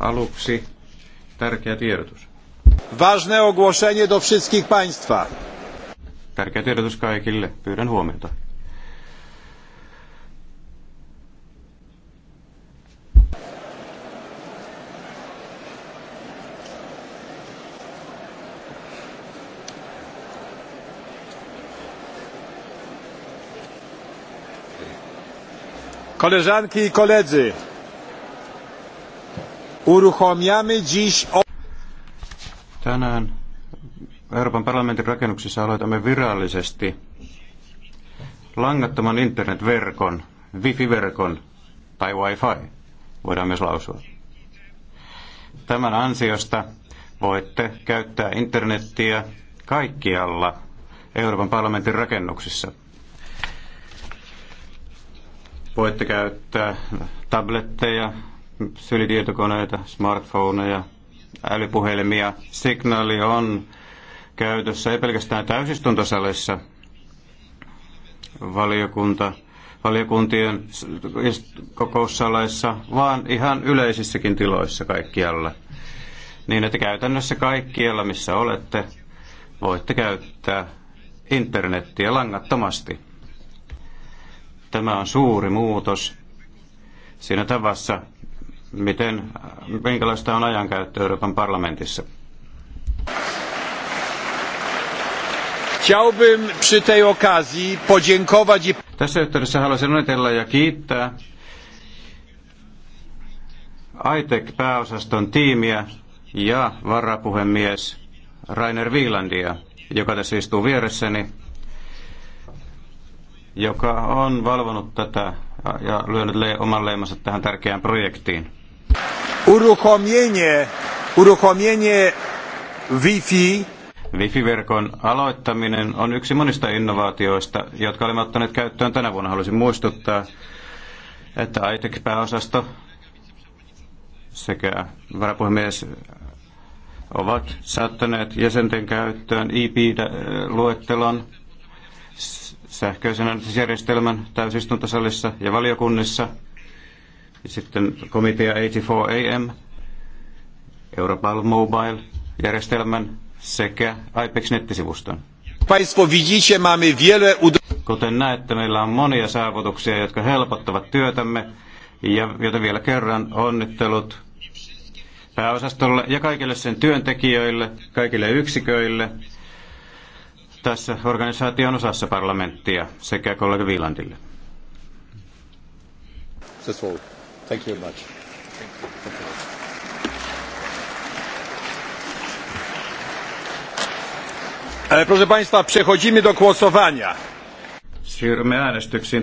Aluksi tärkeä tiedotus. Ważne ogłoszenie do wszystkich państwa. Tärkeä tiedotus kaikille. Pyydän huomiota. Koleżanki i koledzy, Uruchomiamy dziś... Tänään Euroopan parlamentin rakennuksissa aloitamme virallisesti langattoman internetverkon, wifi-verkon tai wifi, voidaan myös lausua. Tämän ansiosta voitte käyttää internettiä kaikkialla Euroopan parlamentin rakennuksissa. Voitte käyttää tabletteja, sylitietokoneita, smartphoneja, älypuhelimia. Signaali on käytössä ei pelkästään täysistuntosalissa. Valiokunta, valiokuntien kokoussaleissa, vaan ihan yleisissäkin tiloissa kaikkialla. Niin, että käytännössä kaikkialla, missä olette, voitte käyttää internettiä langattomasti. Tämä on suuri muutos siinä tavassa, miten, minkälaista on ajankäyttö Euroopan parlamentissa. Chciałbym przy tej okazji podziękować i... Tässä yhteydessä haluaisin onnitella ja kiittää ITEC-pääosaston tiimiä ja varapuhemies Rainer Wielandia, joka tässä istuu vieressäni, joka on valvonut tätä ja lyönyt le- oman leimansa tähän tärkeään projektiin. Uruchomienie, uruchomienie Wi-Fi. Wi-Fi-verkon aloittaminen on yksi monista innovaatioista, jotka olemme ottaneet käyttöön tänä vuonna. Haluaisin muistuttaa, että ITEC-pääosasto sekä varapuhemies ovat saattaneet jäsenten käyttöön IP-luettelon sähköisen äänestysjärjestelmän täysistuntosalissa ja valiokunnissa – sitten komitea 84AM, Europal Mobile-järjestelmän sekä IPEX-nettisivuston. Kuten näette, meillä on monia saavutuksia, jotka helpottavat työtämme, ja joten vielä kerran onnittelut pääosastolle ja kaikille sen työntekijöille, kaikille yksiköille tässä organisaation osassa parlamenttia sekä kollega Viilandille. Se Thank you very much. Thank you. Thank Proszę Państwa, przechodzimy do głosowania. Siirrymme äänestyksiin.